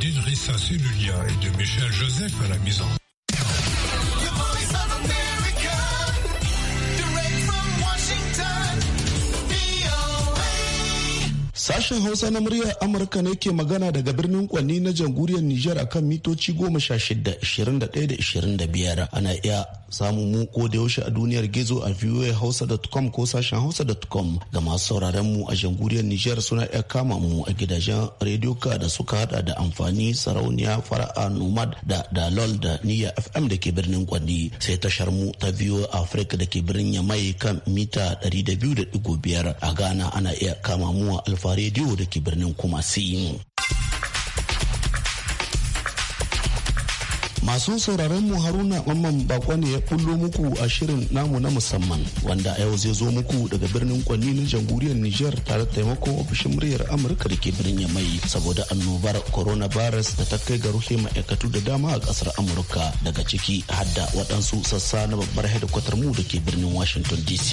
d'Idrissa Célulia et de Michel Joseph à la maison. Sashen Hausa na muryar Amurka ne ke magana daga birnin Kwanni na jamhuriyar Nijar kan mitoci goma sha shida, ishirin da ɗaya da ishirin da biyar. Ana iya samun mu ko da yaushe a duniyar gizo a hausa voahausa.com ko sashen hausa hausa.com ga masu sauraron mu a jamhuriyar Nijar suna iya kama mu a gidajen rediyo ka da suka hada da amfani sarauniya fara'a nomad da dalol da niya FM da ke birnin Kwanni sai tashar mu ta VOA Africa da ke birnin Yamai kan mita 200.5 a Ghana ana iya kama mu a alfa Alfa rediyo da ke birnin Kumasi. Masu sauraron mu Haruna Mamman Bako ne ya kullo muku a shirin namu na musamman wanda yau zai zo muku daga birnin Kwanni na jamhuriyar Nijar tare da taimakon ofishin muryar Amurka da ke birnin Yamai saboda annobar coronavirus da ta kai ga rufe ma'aikatu da dama a kasar Amurka daga ciki hadda waɗansu sassa na babbar hedikwatar mu da ke birnin Washington DC.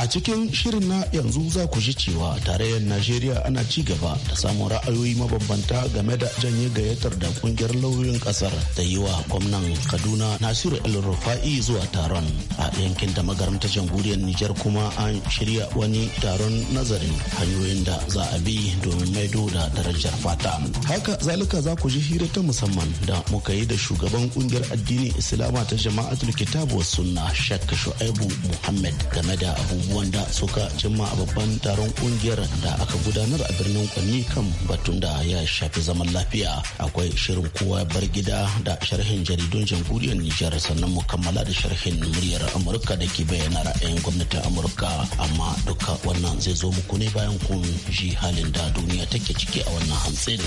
A cikin shirin na yanzu za ku ji cewa tarayyar Najeriya ana ci gaba da samun ra'ayoyi mabambanta game da janye gayyatar da kungiyar lauyoyin kasar da yi wa gwamnan kaduna nasiru el rufa'i zuwa taron a yankin da magaranta jamhuriyar nijar kuma an shirya wani taron nazarin hanyoyin da za a bi domin maido da darajar fata haka zalika za ku ji hira ta musamman da muka yi da shugaban kungiyar addini islama ta jama'atul kitabu sunna shakka shu'aibu muhammad game da abubuwan da suka cimma a babban taron kungiyar da aka gudanar a birnin kwanni kan batun da ya shafi zaman lafiya akwai shirin kowa bar gida da sharhin sharhin jaridun jamhuriyar Nijar sannan mu kammala da sharhin muryar Amurka da ke bayyana ra'ayin gwamnatin Amurka amma duka wannan zai zo muku ne bayan kun ji halin da duniya take ciki a wannan hantsin.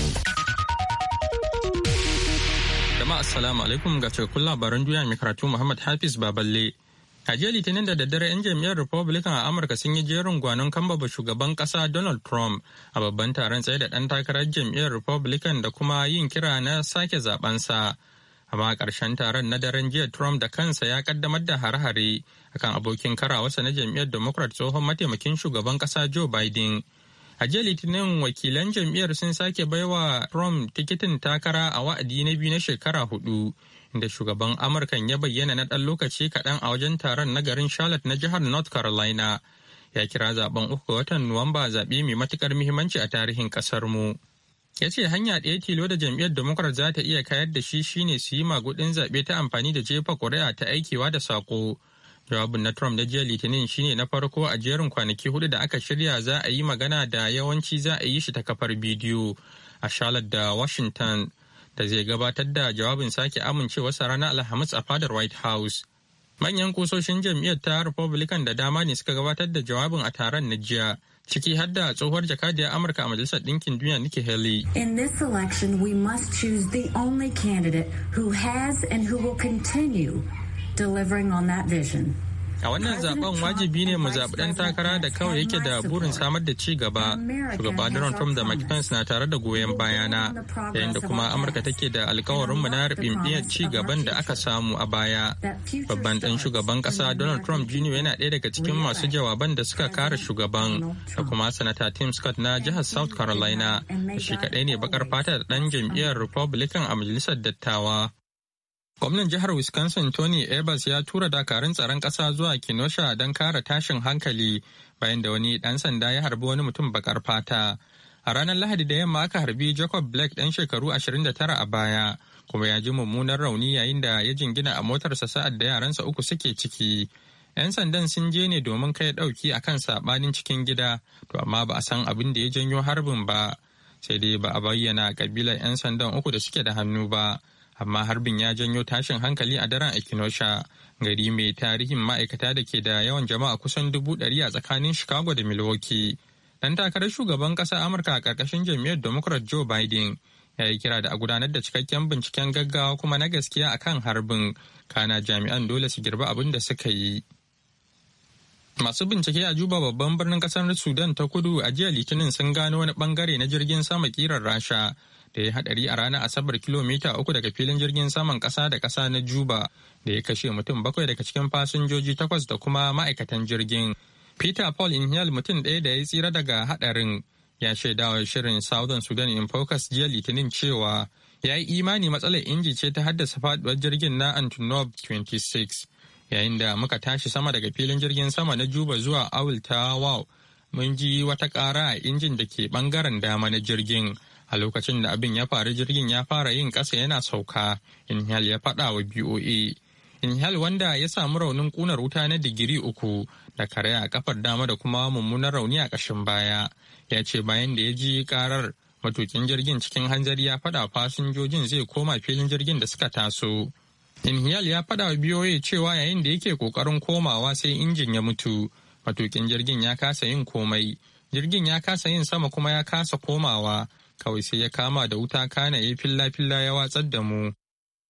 Jama'a assalamu alaikum ga cikakkun labaran duniya mai karatu Muhammad Hafiz Baballe. A jiya Litinin da daddare 'yan jam'iyyar Republican a Amurka sun yi jerin gwanon kambaba shugaban kasa Donald Trump a babban taron tsaye da ɗan takarar jam'iyyar Republican da kuma yin kira na sake zabensa. amma a ƙarshen taron na daren jiya trump da kansa ya kaddamar da hare-hare akan abokin karawarsa na jam'iyyar democrat tsohon mataimakin shugaban ƙasa joe biden a jiya litinin wakilan jam'iyyar sun sake baiwa trump tikitin takara a wa'adi na biyu na shekara hudu inda shugaban amurkan ya bayyana na ɗan lokaci kaɗan a wajen taron na garin charlotte na jihar north carolina ya kira zaben uku watan nuwamba zaɓe mai matuƙar muhimmanci a tarihin ƙasar mu. ya ce hanya ɗaya tilo da jam'iyyar democrat za ta iya kayar da shi shine su yi magudin zaɓe ta amfani da jefa ƙuri'a ta aikewa da saƙo jawabin na trump na jiya litinin shine na farko a jerin kwanaki hudu da aka shirya za a yi magana da yawanci za a yi shi ta kafar bidiyo a charlotte da washington da zai gabatar da jawabin sake amincewarsa ranar alhamis a fadar white house manyan kusoshin jam'iyyar ta republican da dama ne suka gabatar da jawabin a taron na jiya ciki har da tsohuwar jakadiyar Amurka a Majalisar Ɗinkin Duniya Nikki Haley. In this election we must choose the only candidate who has and who will continue delivering on that vision. a wannan zaben wajibi ne mu zaɓi ɗan takara da kawai yake da burin samar da ci gaba shugaba donald trump da mike pence na tare da goyon bayana yayin da kuma amurka take da alkawarin mu na riɓimɓiyar ci gaban da aka samu a baya babban ɗan shugaban ƙasa donald trump jr yana ɗaya daga cikin masu jawaban da suka kare shugaban da kuma sanata tim scott na jihar south carolina shi kaɗai ne bakar fata da ɗan jam'iyyar republican a majalisar dattawa Gwamnan jihar Wisconsin Tony Evers ya tura dakarun tsaron ƙasa zuwa Kenosha don kare tashin hankali bayan da wani ɗan sanda ya harbi wani mutum bakar fata. A ranar Lahadi da yamma aka harbi Jacob Blake ɗan shekaru 29 a baya, kuma ya ji mummunar rauni yayin da ya jingina a motarsa sa'ad da yaransa uku suke ciki. 'Yan sandan sun je ne domin kai ɗauki a kan saɓanin cikin gida, to amma ba a san abin da ya janyo harbin ba, sai dai ba a bayyana ƙabilar 'yan sandan uku da suke da hannu ba. amma harbin ya janyo tashin hankali a daren ekinosha gari mai tarihin ma'aikata da ke da yawan jama'a kusan dubu ɗari a tsakanin Chicago da Milwaukee. Ɗan takarar shugaban ƙasar Amurka a ƙarƙashin jam'iyyar Democrat Joe Biden ya yi kira da a gudanar da cikakken binciken gaggawa kuma na gaskiya a kan harbin kana jami'an dole su girba abin da suka yi. Masu bincike a Juba babban birnin kasar Sudan ta kudu a jiya Litinin sun gano wani bangare na jirgin sama kiran Rasha da ya hadari a ranar asabar kilomita uku daga filin jirgin saman kasa da kasa na juba da ya kashe mutum bakwai daga cikin fasinjoji takwas da kuma ma'aikatan jirgin peter paul inhale mutum ɗaya da ya tsira daga hadarin ya shaidawa shirin southern sudan in focus jiya litinin cewa ya yi imani matsalar inji ce ta haddasa faduwar jirgin na antonov 26 yayin da muka tashi sama daga filin jirgin sama na juba zuwa awul ta wow mun ji wata kara a injin da ke bangaren dama na jirgin a lokacin da abin ya faru jirgin ya fara yin ƙasa yana sauka inhal ya faɗa wa boa inhal wanda ya samu raunin ƙunar wuta na digiri uku da kare a kafar dama da kuma mummunar rauni a ƙashin baya ya ce bayan da ya ji karar matukin jirgin cikin hanzari ya faɗa fasinjojin zai koma filin jirgin da suka taso inhal ya faɗa wa boa cewa yayin da yake ƙoƙarin komawa sai injin ya mutu matukin jirgin ya kasa yin komai jirgin ya kasa yin sama kuma ya kasa komawa kawai sai ya kama da wuta kana ya filla-filla ya watsar da mu.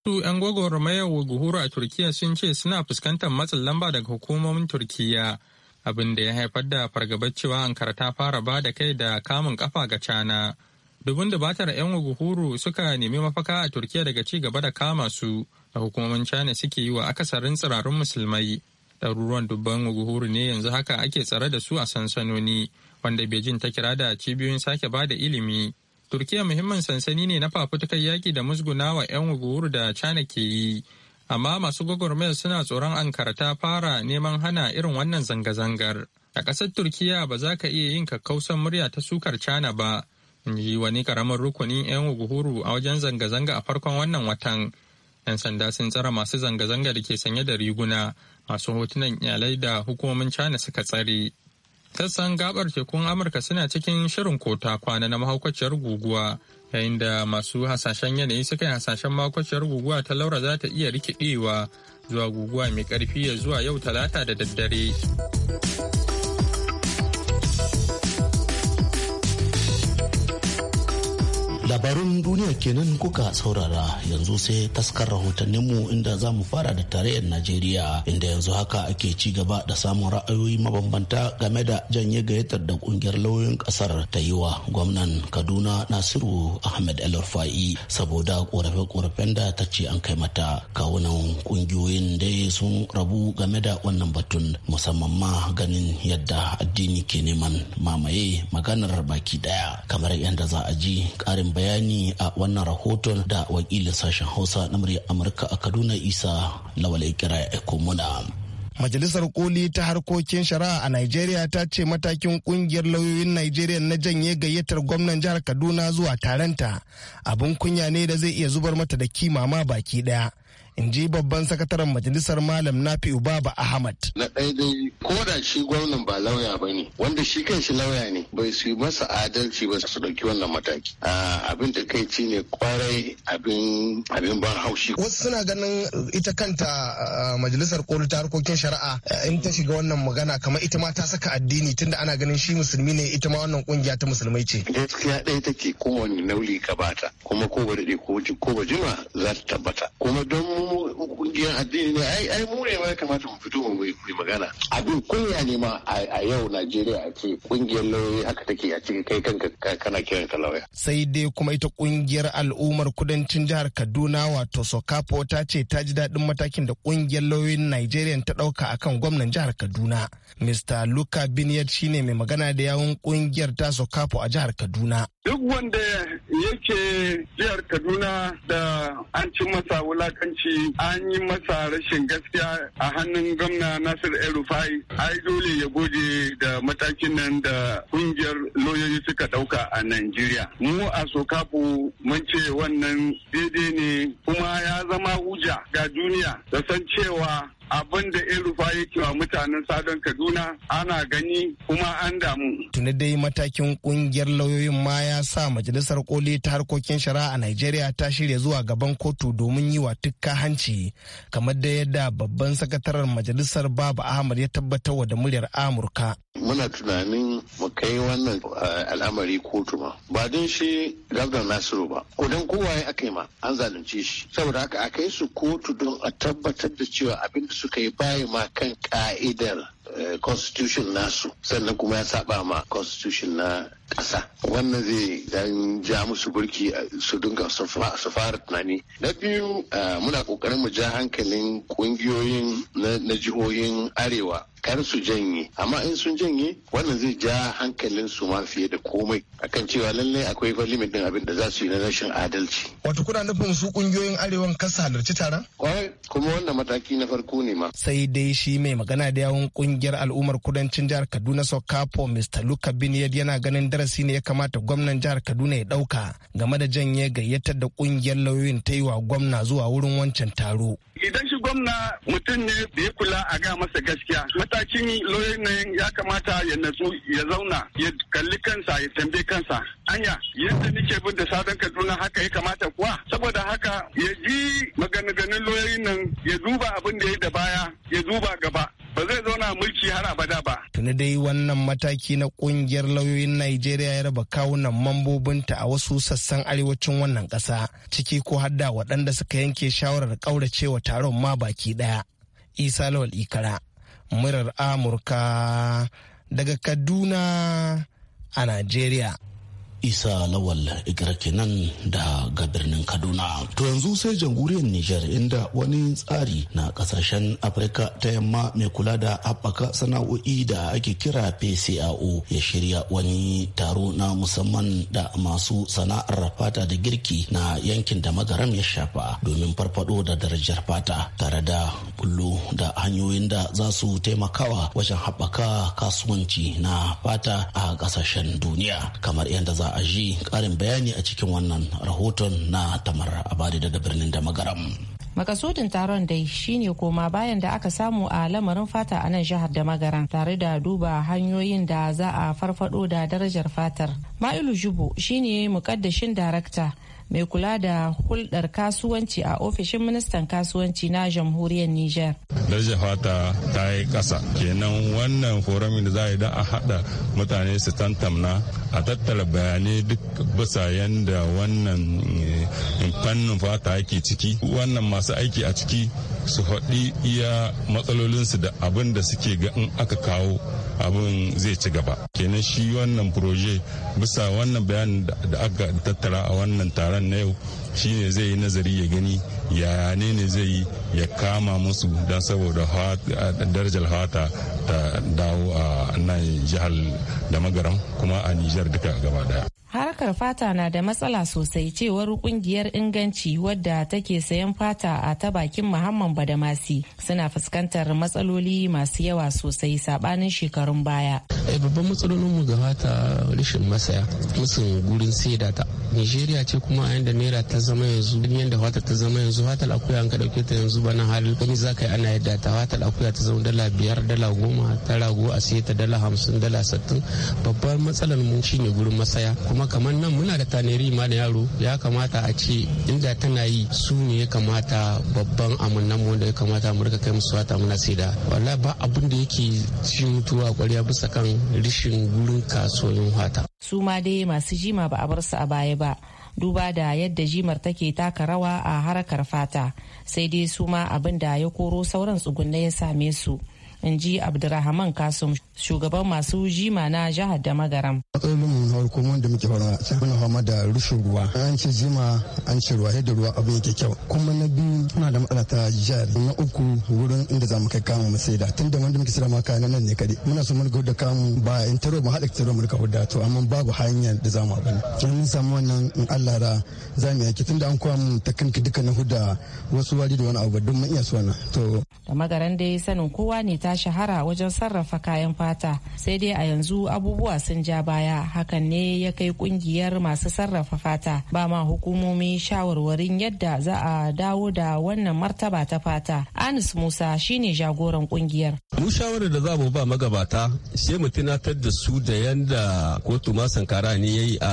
Su 'yan gwagwarmayar guhuru a Turkiyya sun ce suna fuskantar matsin lamba daga hukumomin Turkiyya, abin da ya haifar da fargabar cewa Ankara ta fara ba da kai da kamun kafa ga cana. Dubin batar 'yan guhuru suka nemi mafaka a Turkiyya daga ci gaba da kama su da hukumomin cana suke yi wa akasarin tsirarun musulmai. Ɗaruruwan dubban guhuru ne yanzu haka ake tsare da su a sansanoni, wanda Beijing ta kira da cibiyoyin sake ba da ilimi. turkiya muhimmin sansani ne na fafutukar yaki da musgunawa 'yan uguwar da china ke yi amma masu gwagwarmaya suna tsoron ankara ta fara neman hana irin wannan zanga-zangar a ƙasar turkiya ba za ka iya yin kakkausan murya ta sukar china ba in ji wani ƙaramin rukunin 'yan uguhuru a wajen zanga-zanga a farkon wannan watan 'yan sanda sun tsara masu zanga-zanga da ke sanye da riguna masu hotunan iyalai da hukumomin china suka tsare sassan gabar tekun amurka suna cikin shirin kota kwana na mahaukaciyar guguwa yayin da masu hasashen yanayi suka yi hasashen mahaukaciyar guguwa ta laura za ta iya rikidewa zuwa guguwa mai karfi ya zuwa yau talata da daddare labarun duniya kenan kuka saurara yanzu sai taskar rahotanninmu inda za mu fara da tarayyar najeriya inda yanzu haka ake ci gaba da samun ra'ayoyi mabambanta game da janye gayyatar da kungiyar lauyoyin kasar ta yi wa gwamnan kaduna nasiru ahmed el rufai saboda korafe-korafen da ta ce an kai mata kawunan kungiyoyin dai sun rabu game da wannan batun musamman ma ganin yadda addini ke neman mamaye maganar baki daya kamar yadda za a ji karin bayani a wannan rahoton da wakilin sashen hausa na murya amurka a kaduna isa lawal kira ya muna Majalisar Koli ta harkokin shari'a a Najeriya ta ce matakin kungiyar lauyoyin Najeriya na janye gayyatar gwamnan jihar Kaduna zuwa taronta abin kunya ne da zai iya zubar mata da kimama baki daya. in ji babban sakataren majalisar malam nafi ubaba ahmad na ɗaya dai ko da shi gwamnan ba lauya ba ne wanda shi kan shi lauya ne bai su masa adalci ba su ɗauki wannan mataki abin da kai ci ne kwarai abin abin ban haushi wasu suna ganin ita kanta majalisar koli ta harkokin shari'a in ta shiga wannan magana kamar ita ma ta saka addini tunda ana ganin shi musulmi ne ita ma wannan kungiya ta musulmai ce gaskiya ɗaya take kowane nauyi ka bata kuma ko ba ko ba jima za ta tabbata kuma don kungiyar addini ne ai ai mu ne ma kamata mu fito mu yi magana abin kunya ne ma a yau Najeriya a ce kungiyar lauyoyi haka take a cikin kai kanka kana kiran ka lauya sai dai kuma ita kungiyar al'ummar kudancin jihar Kaduna wato Sokapo ta ce ta ji daɗin matakin da kungiyar lauyoyin Najeriya ta ɗauka akan gwamnan jihar Kaduna Mr. Luka Binyat shine mai magana da yawun kungiyar ta Sokapo a jihar Kaduna duk wanda yake jihar Kaduna da an ci masa wulakanci shi an yi masa rashin gaskiya a hannun gwamna Nasir El Rufai ai dole ya gode da matakin nan da kungiyar lauyoyi suka dauka a Najeriya. Mu a Sokafu mun ce wannan daidai ne kuma ya zama hujja ga duniya da san cewa abin da irufa yake wa mutanen sadon kaduna ana gani kuma an damu tuni dai matakin kungiyar lauyoyin ma ya sa majalisar koli ta harkokin shari'a a Najeriya ta shirya zuwa gaban kotu domin yi wa tukka hanci kamar da yadda babban sakataren majalisar babu ahmad ya tabbatar wa da muryar amurka muna tunanin mu kai wannan eh, al'amari kotu ma ba don shi gabdan nasiru ba ko don kowa ya aka yi ma an zalunce shi saboda haka a kai su kotu don a tabbatar da cewa abin suka yi bayi ma kan ka'idar Eh, constitution nasu sannan kuma ya saba ma constitution na ƙasa wannan zai dan ja musu burki eh, su dinga su fara tunani na biyu eh, muna ƙoƙarin mu ja hankalin ƙungiyoyin na jihohin arewa kar su janye amma in sun janye wannan zai ja hankalin su ma fiye da komai akan cewa lallai akwai fa limit din abin da za su yi na rashin adalci wato kuna nufin su kungiyoyin arewan kasa halarci taron kuma wannan mataki na farko ne ma sai dai shi mai magana da yawon kungiyoyin kungiyar al'ummar kudancin jihar kaduna sokapo mr luka biniyad yana ganin darasi ne ya kamata gwamnan jihar kaduna ya dauka game da janye gayyatar da kungiyar lauyoyin ta yi wa gwamna zuwa wurin wancan taro idan shi gwamna mutum ne da ya kula a ga masa gaskiya matakin lauyoyin nan ya kamata ya natsu ya zauna ya kalli kansa ya tambaye kansa anya yadda nike bin da sadan kaduna haka ya kamata kuwa saboda haka ya ji maganganun lauyoyin nan ya duba abin da ya da baya ya duba gaba har abada ba. Tuni dai wannan mataki na kungiyar lauyoyin Najeriya ya raba kawunan mambobinta a wasu sassan arewacin wannan ƙasa ciki ko hadda waɗanda suka yanke shawarar ƙauracewa taron ma baki ɗaya. Isa Lawal Ikara, murar Amurka daga Kaduna a Najeriya. isa lawal Igar kenan ga birnin kaduna to yanzu sai jamhuriyar niger inda wani tsari na kasashen afirka ta yamma mai kula da haɓaka sana'o'i da ake kira pcao ya shirya wani taro na musamman da masu sana'ar fata da girki na yankin da magaram ya shafa domin farfado da darajar fata tare da kullu da hanyoyin da za su taimakawa wajen haɓaka kasuwanci na fata a kasashen duniya kamar yadda za ba a ji karin bayani a cikin wannan rahoton na tamar abadi daga birnin da magaram makasudin taron dai shine koma bayan da aka samu a lamarin fata a nan jihar da magaran tare da duba hanyoyin da za a farfado da darajar fatar ma'ilu jubo shine mukaddashin darakta mai kula da hulɗar kasuwanci a ofishin ministan kasuwanci na jamhuriyar Nijar. daraja fata ta yi ƙasa kenan wannan forumin da za a yi don a haɗa mutane su tantamna a tattara bayanai duk bisa yadda wannan eh, fannin fata yake ciki wannan masu aiki a ciki su haɗi iya matsalolinsu da abin da suke ga in aka kawo abin zai ci gaba kenan shi wannan proje bisa wannan bayanin da aka tattara a wannan taron na yau shi ne zai yi nazari ya gani yaya ne ne zai yi ya kama musu don saboda darajar hata ta dawo a nan jihar da magaram kuma a nijar duka gaba daya Harkar fata na da matsala sosai cewar kungiyar inganci wadda take sayan fata a ta bakin Muhammad Badamasi suna fuskantar matsaloli masu yawa sosai sabanin shekarun baya. Eh, babban matsalolin mu ga fata rashin masaya musu gurin saida ta. Nigeria ce kuma a yanda naira ta zama yanzu yanda fata ta zama yanzu fata akuya an ka dauke ta yanzu bana hali wani za ka yi ana yadda ta fata akuya ta zama dala biyar dala goma ta rago a siya ta dala hamsin dala sittin babbar matsalar mu shine gurin masaya kuma kamar amma nan muna da taneri ma da yaro ya kamata a ce inda tana yi su ne ya kamata babban amannan mu da ya kamata mu rika kai musu wata muna saida wala ba abin da yake ci mutuwa kwarya bisa kan rishin gurin kasuwanin wata su ma dai masu jima ba a bar su a baya ba duba da yadda jimar take taka rawa a harakar fata sai dai su ma abin da ya koro sauran tsugunne ya same su in ji abdurrahman kasum shugaban masu jima na jihar da magaram matsalolin harko wanda muke fara sai muna hama da rushin ruwa an ce jima an ce ruwa yadda ruwa abu yake kyau kuma na biyu muna da matsala ta jihar na uku wurin inda za mu kai kamu mu saida tun da wanda muke sira ma kayan nan ne kadai muna so mun da kamu ba in taro mu haɗa taro mu rika hudda to amma babu hanyar da za mu abin mun samu wannan in Allah ra za mu yaki tun da an koya mu ta kanki dukkanin huda wasu wari da wani abu don mu iya su wannan to da magaran dai sanin kowa ne ta ta shahara wajen sarrafa kayan fata sai dai a yanzu abubuwa sun ja baya hakan ne ya kai kungiyar masu sarrafa fata ba ma hukumomi shawarwarin yadda za a dawo da wannan martaba ta fata anis musa shine jagoran kungiyar mu shawarar da za mu ba magabata sai mu tunatar da su da yanda kotu ma sankara ne yayi a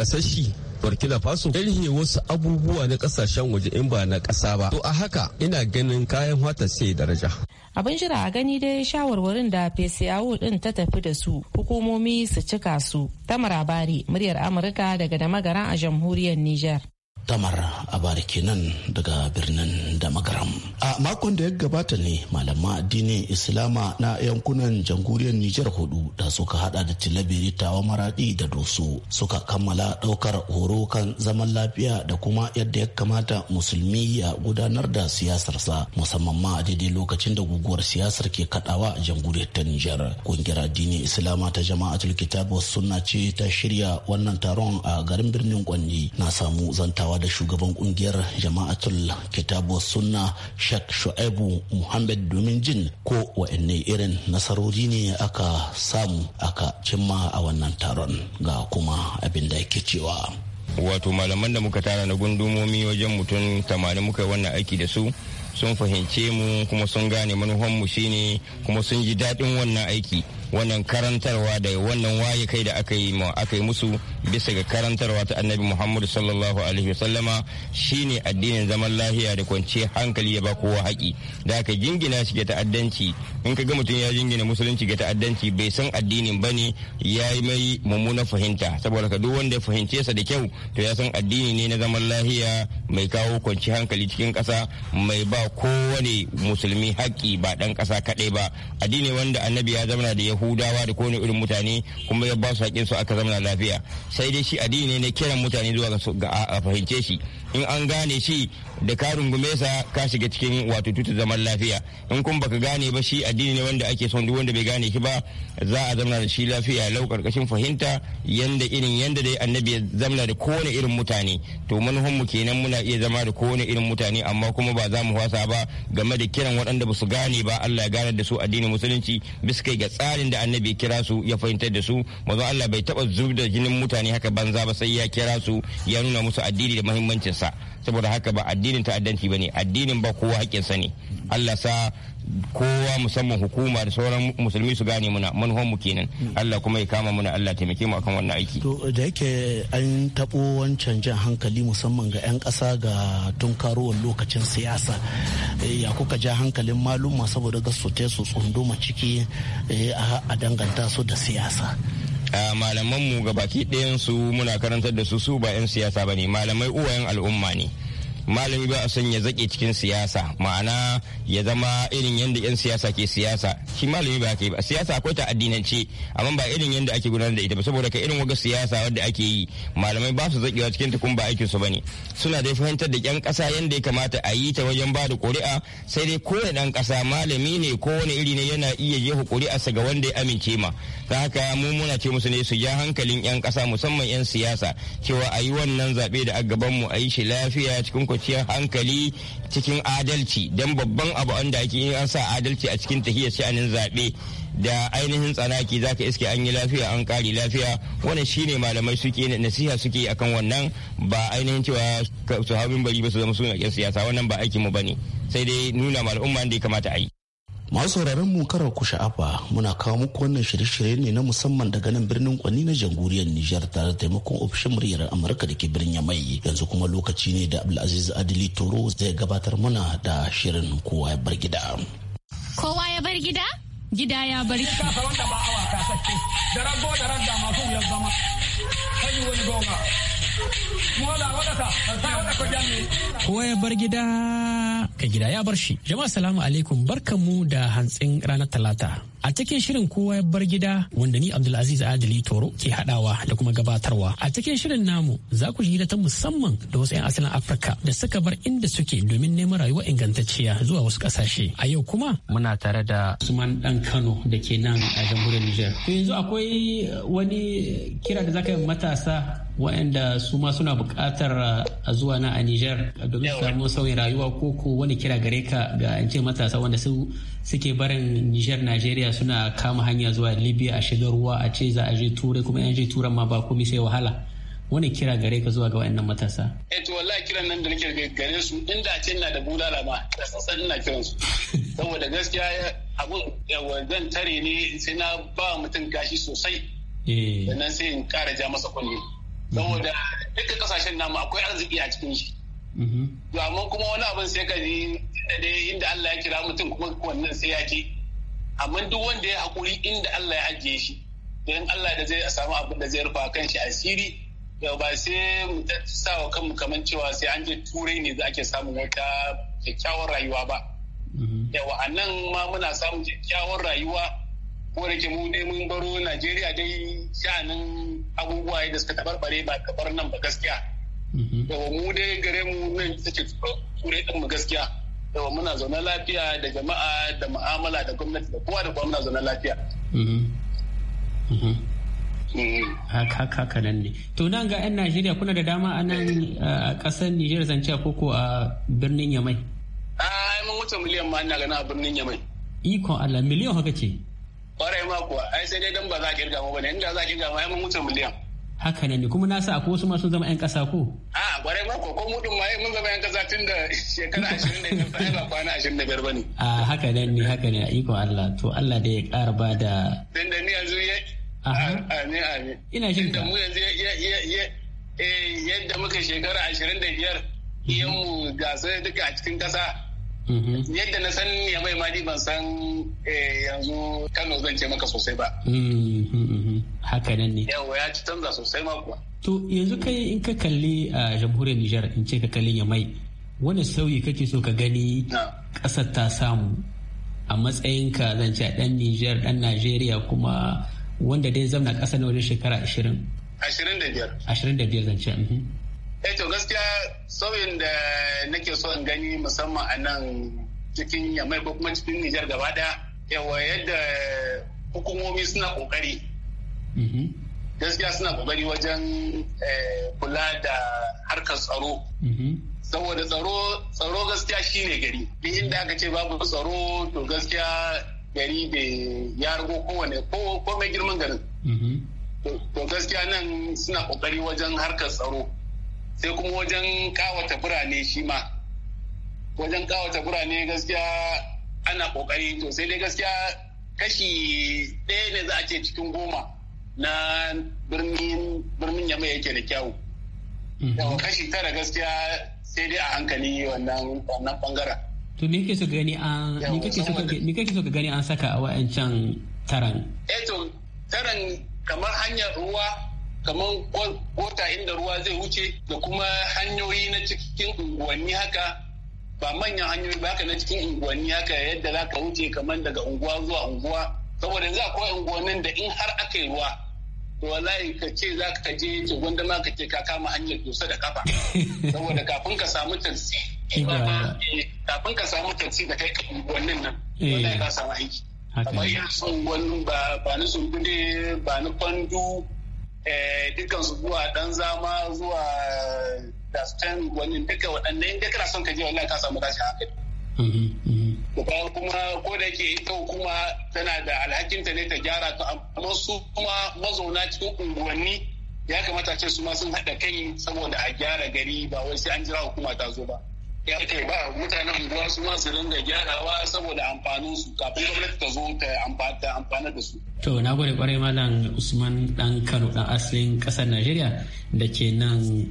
kasashi burkina faso irhe wasu abubuwa na kasashen waje in ba na kasa ba to a haka ina ganin kayan fata sai daraja abin jira a gani dai shawarwarin da fesiyawo din ta tafi da su hukumomi su cika su tamara bari muryar amurka daga da magaran a jamhuriyar niger Tamar a bari kenan daga birnin da magaram A makon da ya gabata ne malaman addinin Islama na yankunan jamhuriyar Nijar hudu da suka hada da Tilabiri Tawa Maradi da Doso suka kammala daukar horo kan zaman lafiya da kuma yadda ya kamata musulmi ya gudanar da siyasarsa musamman ma a daidai lokacin da guguwar siyasar ke kadawa a jamhuriyar ta Nijar. Kungiyar addinin Islama ta jama'atul kitab sunna ce ta shirya wannan taron a garin birnin Kwanni na samu zantawa tattaunawa da shugaban kungiyar jama'atul kitabu sunna shak shu'aibu muhammad domin jin ko wa'anne irin nasarori ne aka samu aka cimma a wannan taron ga kuma abin da yake cewa wato malaman da muka tara na gundumomi wajen mutum tamanin muka wannan aiki da su sun fahimce mu kuma sun gane manufanmu shine kuma sun ji daɗin wannan aiki wannan karantarwa da wannan waye kai da aka yi ma aka yi musu bisa ga karantarwa ta annabi muhammadu sallallahu alaihi wasallama shine addinin zaman lahiya da kwanciyar hankali ya ba kowa haƙi da aka jingina shi ga ta'addanci in ka ga mutum ya jingina musulunci ga ta'addanci bai san addinin ba ne ya yi mai mummunan fahimta saboda ka duk wanda ya fahimce sa da kyau to ya san addini ne na zaman lahiya mai kawo kwanciyar hankali cikin ƙasa mai ba kowane musulmi haƙi ba ɗan ƙasa kaɗai ba addini wanda annabi ya zama da yahudawa da kowane irin mutane kuma ya ba su haƙin su aka zama lafiya sai dai shi addini ne na kiran mutane zuwa ga a fahimce shi in an gane shi da ka rungume sa ka shiga cikin wato tutu zaman lafiya in kun baka gane ba shi addini ne wanda ake son duk wanda bai gane shi ba za a zamna da shi lafiya lau karkashin fahimta yanda irin yanda dai annabi ya zamna da kowane irin mutane to manuhun mu kenan muna iya zama da kowane irin mutane amma kuma ba za mu wasa ba game da kiran waɗanda ba su gane ba Allah ya gane da su addinin musulunci bisa kai ga tsarin da annabi ya kira su ya fahimtar da su mazo Allah bai taba zub da jinin mutane haka banza ba sai ya kira su ya nuna musu addini da muhimmancin sa saboda haka ba addinin ta'addanci ba ne addinin ba kowa haƙƙinsa ne Allah sa kowa musamman hukuma da sauran musulmi su gane muna manuhan mu kenan Allah kuma ya kama muna Allah taimake mu akan wannan aiki to da yake an tabo wancan jan hankali musamman ga yan ƙasa ga tunkaruwan lokacin siyasa eh, ya kuka ja hankalin maluma saboda gasu su tsunduma ciki eh, a danganta su da siyasa malamanmu ga baki ɗayan su muna karantar da su su ba 'yan siyasa ba ne malamai uwayen al'umma ne malami ba a son ya zake cikin siyasa ma'ana ya zama irin yadda 'yan siyasa ke siyasa shi malami ba ke ba siyasa akwai ta addinance amma ba irin yadda ake gudanar da ita ba saboda ka irin waga siyasa wadda ake yi malamai ba su zakewa cikin ta kuma ba aikin su bane suna dai fahimtar da 'yan kasa yadda ya kamata a yi ta wajen ba da ƙuri'a sai dai kowane ɗan kasa malami ne kowane iri ne yana iya jefa ƙuri'arsa ga wanda ya amince ma ta haka mu muna ce musu ne su ja hankalin 'yan kasa musamman 'yan siyasa cewa a yi wannan zaɓe da a gaban mu a yi shi lafiya cikin kwanciyar hankali cikin adalci don babban abu wanda ake yin an sa adalci a cikin tahiyar sha'anin zaɓe da ainihin tsanaki zaka iske an yi lafiya an kare lafiya shi shine malamai suke nasiha suke akan wannan ba ainihin cewa su hau bari ba su zama suna siyasa wannan ba aikinmu ba ne sai dai nuna ma al'umma da ya kamata a yi Masu sauraron mu karar ku sha'afa muna kawo muku wannan shirye-shirye ne na musamman daga nan birnin Kwani na jamhuriyar Nijar tare da taimakon ofishin muryar Amurka da ke birnin Yamai. Yanzu kuma lokaci ne da Abdulaziz Adili Toro zai gabatar mana da shirin kowa ya bar gida. Kowa ya bar gida? Gida ya bar gida. Kuwa ya bar gida, ka gida ya bar shi. Jama'a salamu alaikum barkanmu da hantsin ranar talata. A cikin shirin kowa ya bar gida wanda ni Abdulaziz Adili Toro ke hadawa da kuma gabatarwa. A cikin shirin namu za ku ji ta musamman da wasu 'yan asalin Afirka da suka bar inda suke domin neman rayuwa ingantacciya zuwa wasu kasashe A yau kuma muna tare da Usman Dan Kano da ke nan a jamhuriyar Nijar. To yanzu akwai wani kira da zaka yi matasa waɗanda su ma suna buƙatar a zuwa na a Nijar domin su samu sauyin rayuwa ko ko wani kira gare ka ga an ce matasa wanda suke barin Nijar Najeriya suna kama hanya zuwa libya a shiga ruwa a ce za a je turai kuma yan je turan ma ba komai sai wahala wani kira gare ka zuwa ga wayannan matasa eh to wallahi kiran nan da nake gare su inda a ce ina da bulala ma da sassan ina kiran su saboda gaskiya abun zan tare ne sai na ba mutum gashi sosai eh. sannan sai in kara ja masa kunne mhm. saboda duka kasashen namu akwai arziki a cikin shi mhm. amma kuma wani abin sai ka ji inda dai inda Allah ya kira mutum kuma wannan sai ya ke. amma duk wanda ya haƙuri inda Allah ya ajiye shi don Allah da zai samu abin da zai rufa kan shi asiri da ba sai mu sa wa kanmu kamar cewa sai an je turai ne za ake samu wata kyakkyawar rayuwa ba mhm. yawa a nan ma muna samun kyakkyawar rayuwa ko da ke mu ne mun baro Najeriya dai sha'anin abubuwa da suka tabarbare ba kabar nan ba gaskiya mhm. yawa mu dai gare mu nan suke turai din mu gaskiya yawa muna zaune lafiya da jama'a da mu'amala da gwamnati da kowa da kowa muna zaune lafiya mhm. Mhm. Mm. haka nan ne to nan ga 'yan najeriya kuna da dama a nan a ƙasar nijar a koko a birnin yamai yi mun wuce miliyan ma ina gana a birnin yamai ikon allah miliyan haka ce kwarai ma kuwa ai sai dai dan ba za a kirga ba ne inda za a kirga mu ai mun wuce miliyan haka ne kuma na sa ko wasu ma sun zama 'yan ƙasa ko a gwarai ba ko ko mu din eh, mun zama 'yan ƙasa tun da shekara da sai ba kwana ba ne. a haka ne ne haka ne iko Allah to Allah da ya ƙara ba da tun da ni yanzu ya amin amin ina jin da mu yanzu ya ya ya eh, yadda muka shekara biyar. Mhm. iyan mu gasa duka a cikin ƙasa Mm-hmm. yadda na san ya mai mali ban san eh, yanzu kano zan ce maka sosai ba mm-hmm. haka nan ne yawa ya ci canza sosai ma kuwa to yanzu kai in ka kalli a jamhuriyar nijar in ce ka kalli ya mai wani sauyi kake so ka gani kasar ta samu a matsayin ka zan ce dan nijar dan najeriya kuma wanda dai zamna ƙasar na wajen shekara ashirin ashirin da biyar ashirin da biyar zan ce mm-hmm. eh to gaskiya sauyin da nake so in gani musamman a nan cikin yamai ko kuma cikin nijar gaba da yawa yadda hukumomi suna kokari mm-hmm. gaskiya suna kokari wajen eh, kula da harkar tsaro mm-hmm. saboda tsaro tsaro gaskiya shine gari duk inda aka ce babu tsaro to gaskiya gari da ya rago kowane ko mai girman garin mm-hmm. to gaskiya nan suna kokari wajen harkar tsaro sai kuma wajen kawata birane shi ma wajen kawata birane gaskiya ana kokari to sai dai gaskiya kashi ɗaya ne za a ce cikin goma na birnin yamma yake da kyau mhm. yawa kashi tara gaskiya sai dai a hankali wannan bangaren to me kake so gani an me kake so ka gani an saka a wa'ancan taran eh to taran kamar hanyar ruwa kamar kota inda ruwa zai wuce da kuma hanyoyi na cikin unguwanni haka ba manyan hanyoyi ba haka na cikin unguwanni haka yadda za ka wuce kamar daga unguwa zuwa unguwa saboda za ko unguwannin da in har aka yi ruwa to wallahi ka ce za ka je ce wanda ma ka ce ka kama hanyar kusa da kafa saboda kafin ka samu tansi eh, kafin ka samu tansi da kai unguwannin nan eh. wallahi ka samu aiki kamar yin sun wani ba ni sun ba ni kwandu Eh, Dukkan su zuwa dan zama zuwa dastan wani duka waɗanda in kana son ka je wallahi ka samu tashi hankali. Bayan mhm, mhm. kuma ko da ke ita kuma tana da alhakinta ne ta gyara ta amma su kuma mazauna cikin unguwanni ya kamata ce su ma sun haɗa kai saboda a gyara gari ba wai sai an jira hukuma ta zo ba. ya ce ba mutanen unguwa su su gyarawa saboda amfanin su kafin gwamnati ta zo ta amfana da su. To na gode kwarai malam Usman dan Kano dan asalin kasar Najeriya da ke nan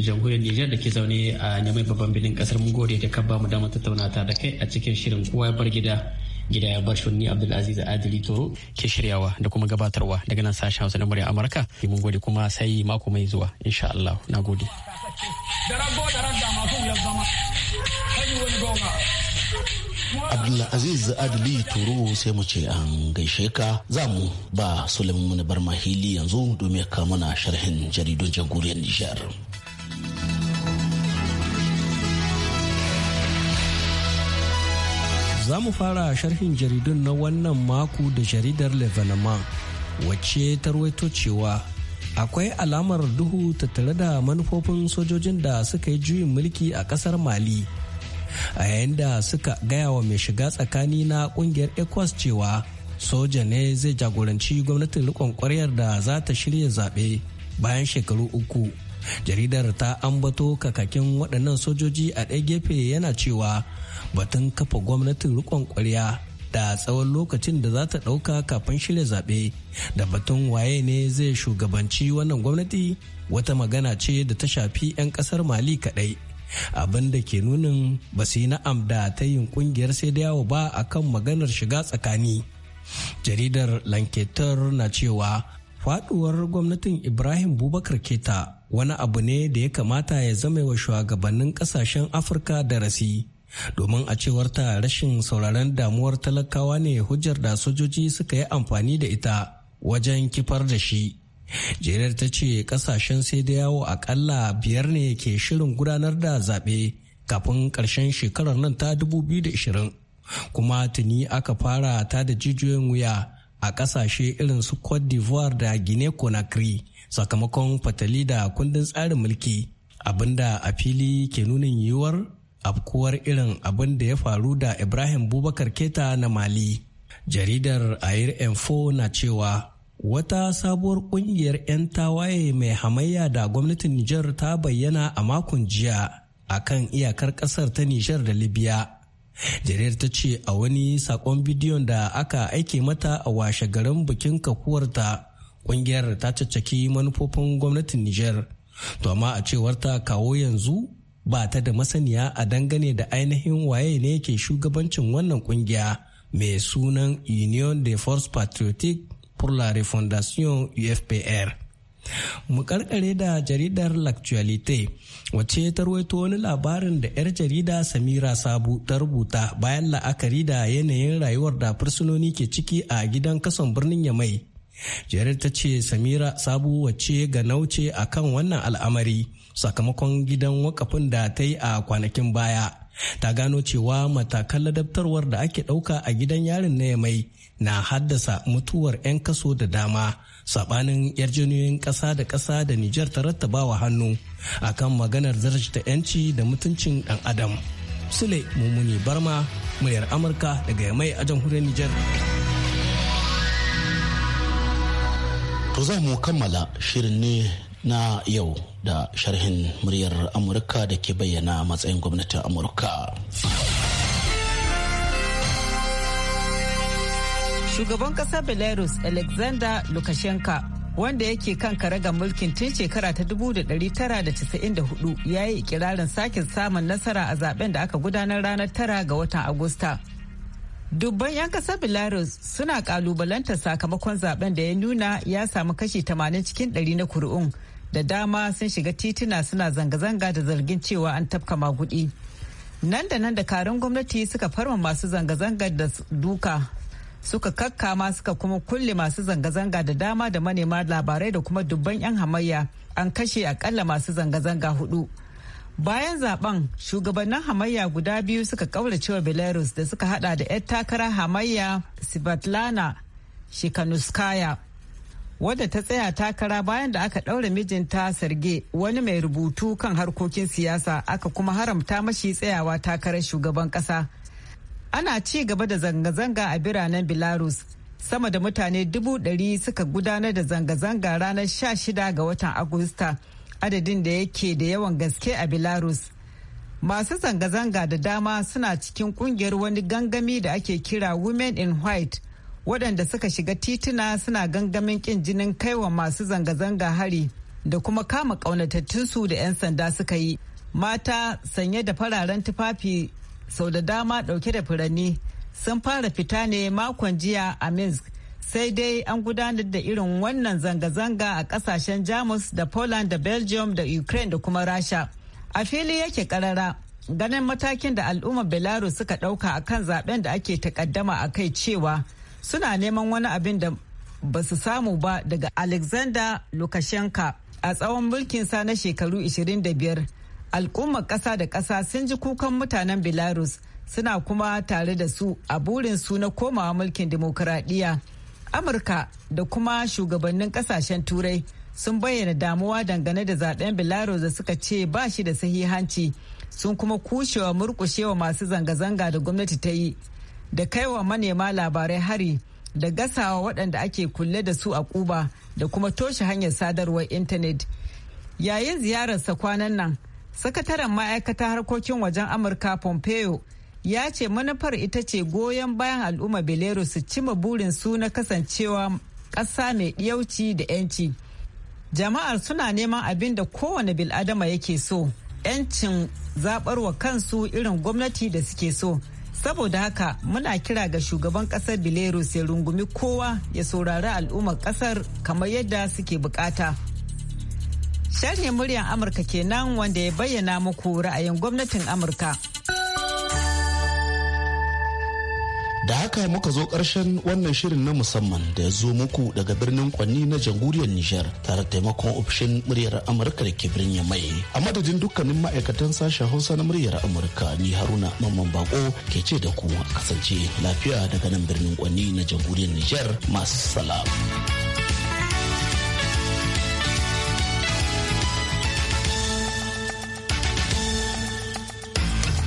jamhuriyar Nijar da ke zaune a Nyamai babban birnin kasar mun gode da ka ba mu damar tattauna ta da kai a cikin shirin kowa ya bar gida. gida ya bar shunni abdulaziz adili toro ke shiryawa da kuma gabatarwa daga nan sashen hausa na murya amurka mun gode kuma sai mako mai zuwa insha allah na gode da rago da randa masu wuyan zama Aziz Adli Turu sai mu ce an gaishe ka za mu ba Suleiman Barma hili yanzu domin ka mana sharhin jaridun jamhuriyar Nijar. Za mu fara sharhin jaridun na wannan mako da jaridar Levanama wacce ta ruwaito cewa akwai alamar duhu tattare da manufofin sojojin da suka yi juyin mulki a kasar Mali. a yayin da suka gaya wa mai shiga tsakani na kungiyar ecos cewa soja ne zai jagoranci gwamnatin rikon kwaryar da za ta shirya zaɓe bayan shekaru uku jaridar ta ambato kakakin waɗannan sojoji a ɗaya gefe yana cewa batun kafa gwamnatin rikon kwarya da tsawon lokacin da za ta ɗauka kafin shirya zaɓe da batun waye ne zai shugabanci wannan gwamnati wata magana ce da ta shafi 'yan ƙasar mali kaɗai abin da ke nunin ba su yi na'am da ta yin kungiyar sai da yawo ba kan maganar shiga tsakani jaridar lanketar na cewa faduwar gwamnatin ibrahim bubakar keta wani abu ne da ya kamata ya zama wa shugabannin kasashen afirka da rasi domin a cewar ta rashin sauraron damuwar talakawa ne hujjar da sojoji suka yi amfani da ita wajen kifar da shi jerar ta ce kasashen sai da yawo akalla biyar ne ke shirin gudanar da zaɓe kafin ƙarshen shekarar nan ta 2020 kuma tuni aka fara ta da jijiyoyin wuya a ƙasashe irin su cote d'ivoire da guinea conakry sakamakon fatali da kundin tsarin mulki abinda a fili ke nunin yiwuwar afkuwar irin abin da ya faru da ibrahim bubakar keta na mali jaridar air info na cewa Wata sabuwar ƙungiyar 'yan tawaye mai hamayya da gwamnatin Nijar ta bayyana a makon jiya a kan iyakar ƙasar ta Nijar da Libya. Jarir ta ce a wani sakon bidiyon da aka aike mata a washe garin bikin kakuwarta, ƙungiyar ta caccaki manufofin gwamnatin Nijar. To amma a cewar ta kawo yanzu ba ta da masaniya a dangane da ainihin waye ne ke shugabancin wannan ƙungiya mai sunan Union de Force Patriotique pour la refondation UFPR. Mu karkare da jaridar L'Actualité, wace ta ruwaito wani labarin da 'yar jarida Samira Sabu ta rubuta bayan la'akari da yanayin rayuwar da fursunoni ke ciki a gidan kasan birnin Yamai. Jarir ta ce Samira Sabu wacce ga nauce a kan wannan al'amari sakamakon gidan wakafin da ta yi a kwanakin baya. Ta gano cewa matakan ladabtarwar da ake ɗauka a gidan yarin na Yamai na haddasa mutuwar 'yan kaso da dama sabanin yarjejeniyoyin ƙasa da ƙasa da Nijar ta rattabawa hannu a kan maganar ta 'yanci da mutuncin ɗan adam. Sule Mumuni Barma, muryar Amurka daga Yamai a jamhuriyar Nijar. To za mu kammala shirin ne na yau da sharhin muryar Amurka da ke bayyana matsayin gwamnatin Amurka. shugaban ƙasar belarus alexander lukashenka wanda yake kan karagar mulkin tun shekara ta 1994 ya yi ikirarin sake samun nasara a zaben da aka gudanar ranar tara ga watan agusta dubban 'yan kasar belarus suna kalubalanta sakamakon zaben da ya nuna ya samu kashi 80 cikin 100 na kuri'un da dama sun shiga tituna suna zanga-zanga da zargin cewa an tafka magudi nan da nan da karin gwamnati suka farma masu zanga-zangar da duka suka kakkama suka kuma kulle masu zanga-zanga da dama da manema labarai da kuma dubban 'yan hamayya an kashe akalla masu zanga-zanga hudu bayan zaben shugabannin hamayya guda biyu suka kauracewa belarus da suka hada da 'yar takara hamayya svetlana shikanuskaya wadda ta tsaya takara bayan da aka ɗaure mijinta sarge wani mai rubutu kan harkokin siyasa aka kuma haramta mashi tsayawa takarar shugaban kasa. ana ci gaba da zanga-zanga a biranen belarus sama da mutane dubu ɗari suka gudanar da zanga-zanga ranar sha shida ga watan agusta adadin da yake da yawan gaske a belarus masu zanga-zanga da dama suna cikin kungiyar wani gangami da ake kira women in white waɗanda suka shiga tituna suna gangamin ƙin jinin kaiwa masu zanga-zanga hari da kuma kama ƙaunatattunsu da 'yan sanda suka yi mata sanye da fararen tufafi sau da dama dauke da furanni sun fara fita ne makon jiya a minsk sai dai an gudanar da irin wannan zanga-zanga a kasashen jamus da poland da belgium da ukraine da kuma rasha a fili yake karara ganin matakin da al'ummar belarus suka dauka a kan zaben da ake takaddama a kai cewa suna neman wani abin da ba su samu ba daga alexander lukashenka a tsawon mulkinsa na shekaru 25 al'ummar ƙasa da ƙasa sun ji kukan mutanen belarus suna kuma tare da su a burin su na komawa mulkin dimokuraɗiyya amurka da kuma shugabannin ƙasashen turai sun bayyana damuwa dangane da zaɓen belarus da suka ce ba shi da sahihanci sun kuma kushewa murkushewa masu zanga-zanga da gwamnati ta yi da kaiwa manema labarai hari da gasawa waɗanda ake kulle da su a kuba da kuma toshe hanyar sadarwar intanet yayin ziyararsa kwanan nan sakataren ma'aikata harkokin wajen amurka pompeo ya ce manufar ita ce goyon bayan al'umma belero su cima burin su na kasancewa ƙasa mai ɗiyauci da 'yanci jama'ar suna neman abin da kowane bil'adama yake so 'yancin zaɓarwa kansu irin gwamnati da suke so saboda haka muna kira ga shugaban ƙasar belero sai rungumi kowa ya saurari al'ummar ƙasar kamar yadda suke bukata. Sharhin muryar Amurka kenan wanda ya bayyana muku ra'ayin gwamnatin Amurka. Da haka muka zo ƙarshen wannan shirin na musamman da ya zo muku daga birnin Kwanni na jamhuriyar Nijar tare da taimakon ofishin muryar Amurka da ke birnin mai. A madadin dukkanin ma'aikatan sashen Hausa na muryar Amurka ni Haruna Mamman Bako ke ce da ku kasance lafiya daga nan birnin Kwanni na jamhuriyar Nijar masu salam.